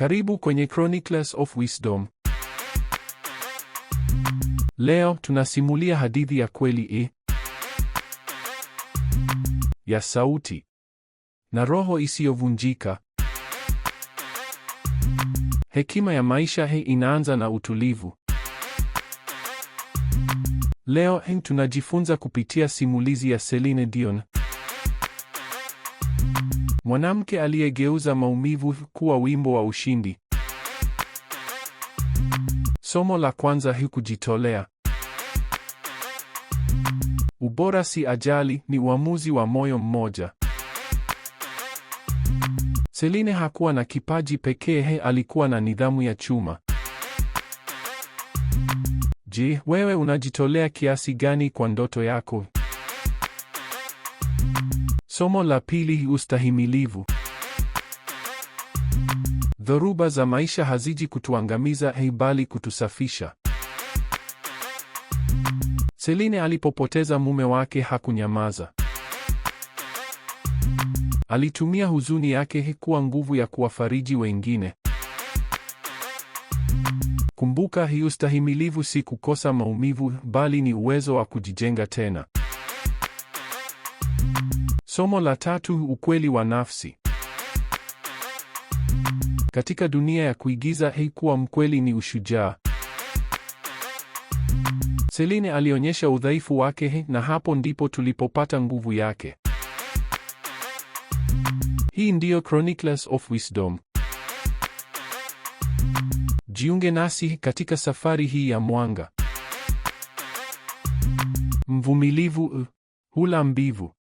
Karibu kwenye Chronicles of Wisdom. Leo tunasimulia hadithi ya kweli e, ya sauti na roho isiyovunjika. Hekima ya maisha hii inaanza na utulivu. Leo hii tunajifunza kupitia simulizi ya Celine Dion mwanamke aliyegeuza maumivu kuwa wimbo wa ushindi. Somo la kwanza: kujitolea. Ubora si ajali, ni uamuzi wa moyo mmoja. Celine hakuwa na kipaji pekee, alikuwa na nidhamu ya chuma. Je, wewe unajitolea kiasi gani kwa ndoto yako? Somo la pili: ustahimilivu. Dhoruba za maisha haziji kutuangamiza, bali kutusafisha. Celine alipopoteza mume wake hakunyamaza. Alitumia huzuni yake kuwa nguvu ya kuwafariji wengine. Kumbuka, hii ustahimilivu si kukosa maumivu, bali ni uwezo wa kujijenga tena. Somo la tatu: ukweli wa nafsi. Katika dunia ya kuigiza, hei, kuwa mkweli ni ushujaa. Celine alionyesha udhaifu wake, na hapo ndipo tulipopata nguvu yake. Hii ndiyo Chronicles of Wisdom. Jiunge nasi katika safari hii ya mwanga. Mvumilivu hula mbivu.